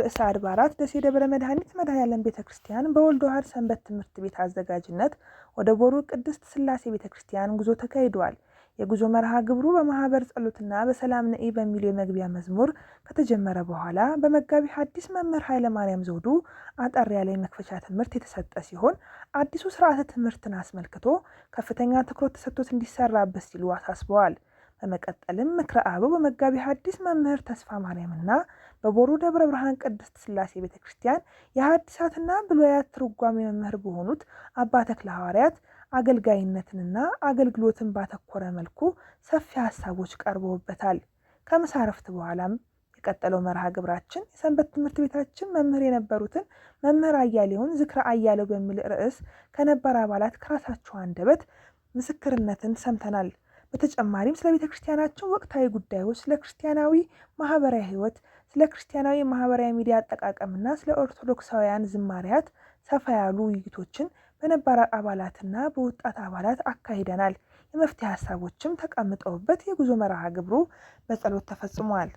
ርዕሰ አድባራት ደሴ ደብረ መድኃኒት መድኃኔዓለም ቤተ ክርስቲያን በወልደ ዋሕድ ሰንበት ትምህርት ቤት አዘጋጅነት ወደ ቦሩ ቅድስት ስላሴ ቤተ ክርስቲያን ጉዞ ተካሂደዋል። የጉዞ መርሃ ግብሩ በማህበር ጸሎትና በሰላም ንኢ በሚሉ የመግቢያ መዝሙር ከተጀመረ በኋላ በመጋቢ ሐዲስ መምህር ኃይለማርያም ዘውዱ አጠር ያለ የመክፈቻ ትምህርት የተሰጠ ሲሆን አዲሱ ስርዓተ ትምህርትን አስመልክቶ ከፍተኛ ትኩረት ተሰጥቶት እንዲሰራበት ሲሉ አሳስበዋል። በመቀጠልም ምክረ አበው በመጋቢ ሐዲስ መምህር ተስፋ ማርያምና በቦሩ ደብረ ብርሃን ቅድስት ስላሴ ቤተ ክርስቲያን የሐዲሳትና ብሉያት ትርጓሜ መምህር በሆኑት አባ ተክለ ሐዋርያት አገልጋይነትንና አገልግሎትን ባተኮረ መልኩ ሰፊ ሀሳቦች ቀርበውበታል። ከምሳ ረፍት በኋላም የቀጠለው መርሃ ግብራችን የሰንበት ትምህርት ቤታችን መምህር የነበሩትን መምህር አያሌውን ዝክረ አያሌው በሚል ርዕስ ከነባር አባላት ከራሳቸው አንደበት ምስክርነትን ሰምተናል። በተጨማሪም ስለ ቤተ ክርስቲያናችን ወቅታዊ ጉዳዮች፣ ስለ ክርስቲያናዊ ማህበራዊ ህይወት፣ ስለ ክርስቲያናዊ ማህበራዊ ሚዲያ አጠቃቀምና ስለ ኦርቶዶክሳውያን ዝማሪያት ሰፋ ያሉ ውይይቶችን በነባር አባላትና በወጣት አባላት አካሂደናል። የመፍትሄ ሀሳቦችም ተቀምጠውበት የጉዞ መርሃ ግብሩ በጸሎት ተፈጽሟል።